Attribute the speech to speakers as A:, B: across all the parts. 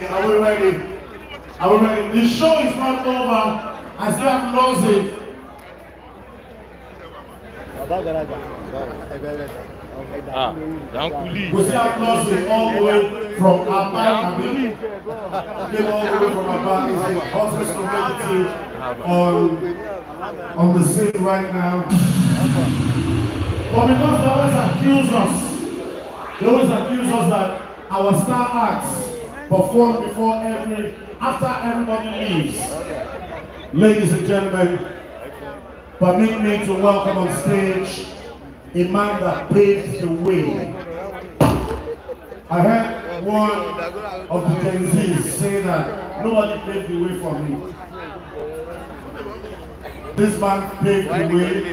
A: Are we ready? Are we ready? The show is not over. I still have music. Ah, we still have music all the way from Abba. Came all the way from Abba. It's the hottest community on, on the scene right now. But because they always accuse us, they always accuse us that our star acts perform before every, after everybody leaves. Ladies and gentlemen, permit me to welcome on stage a man that paved the way. I heard one of the Gen Zs say that nobody paved the way for me. This man paved the way,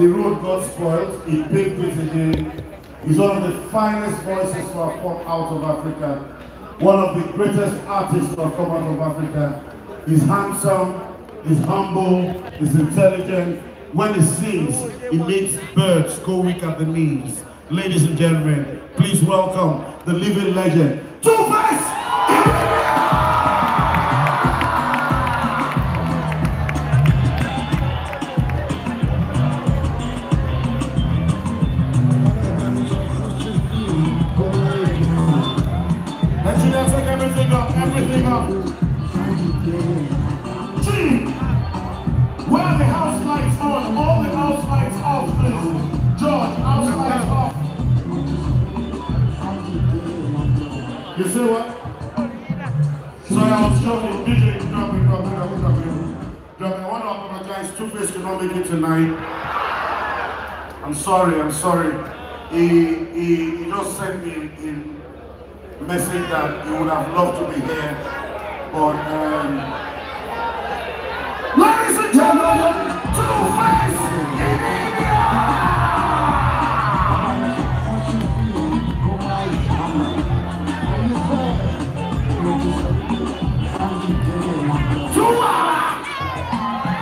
A: the road got spoiled, he paved it again. He's one of the finest voices to have come out of Africa one of the greatest artists of come out of Africa. He's handsome, he's humble, he's intelligent. When he sings, he makes birds go weak at the knees. Ladies and gentlemen, please welcome the living legend, Two-Face! You see what? So I was shouting, DJ, drop it, drop it, drop I want to apologize. Two Face could make it tonight. I'm sorry, I'm sorry. He, he, he just sent me a message that he would have loved to be here, but. Um,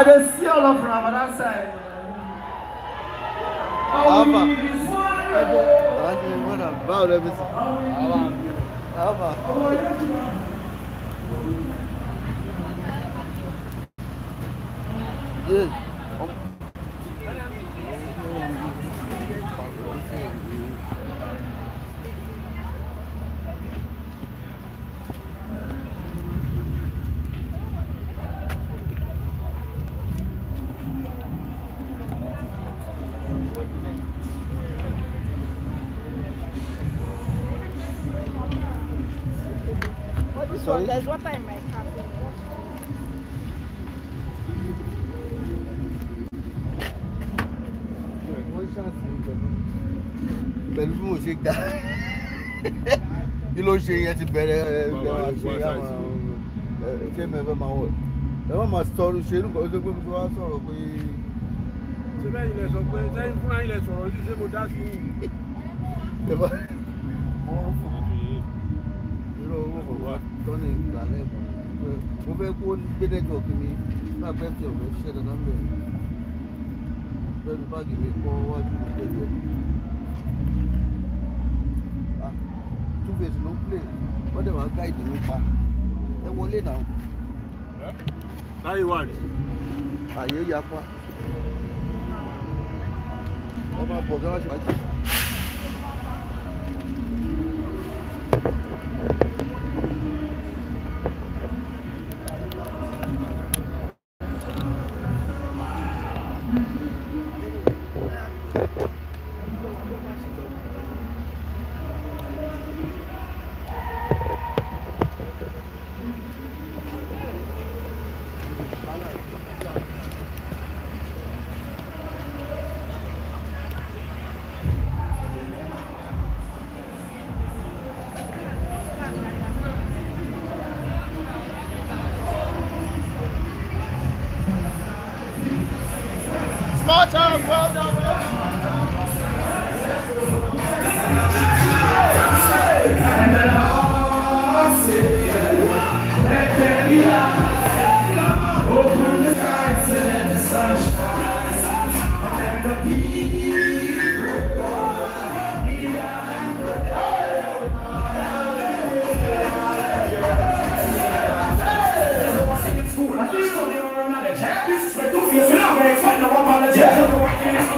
A: I didn't see all of them on that side. Abba. Abba. What about everything? Abba. Abba. Sorry? That's what I might have. pẹ̀lú bí mo ṣe gbà kí ló ṣe yẹn ti bẹ̀rẹ̀ ṣe mi ẹ̀fẹ̀ máa wọ̀ ẹ má máa sọ̀rọ̀ ṣe irúkọ tó gbé mi tó wá sọ̀rọ̀ pé. ṣé bẹ́ẹ̀ ilẹ̀ sọ pé sẹ́yìn fúnra ilẹ̀ sọ̀rọ̀ yìí ṣé mo dá sí i owó kò wá tó ní ìgbà lẹ́gbọ̀n mo fẹ́ kó gbẹ́dẹ́gbẹ́ òkè mi náà fẹ́ fi ọ̀rọ̀ ṣiṣẹ́ dandan bẹ̀rẹ̀ lórí báàgì mi kọ́ wájú gbẹ́dẹ́ ah, two days ló ń play wọ́n dẹ̀ wá gáìdì mi yapa ọmọ àpọ̀ wá ṣe wájú. Small town, well done.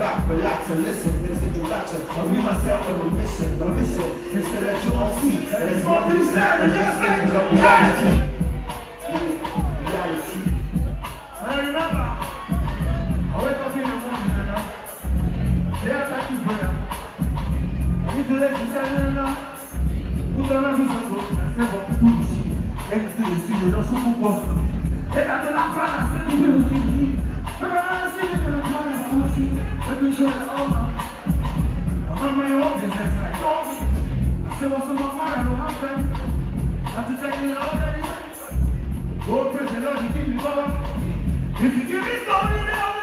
A: back, relax and listen. It's introduction of me, myself, and the mission. The mission is to let you all see. And it's what we said, and just like the reality. And remember, I wake you know. They attack you, brother. let yourself, don't you know who's going to go. you Let me turn it over. I'm my own business. I told I said what's on my mind. I don't have I'm just taking it all day. Go prison, Lord, you give me going. If you keep me going, then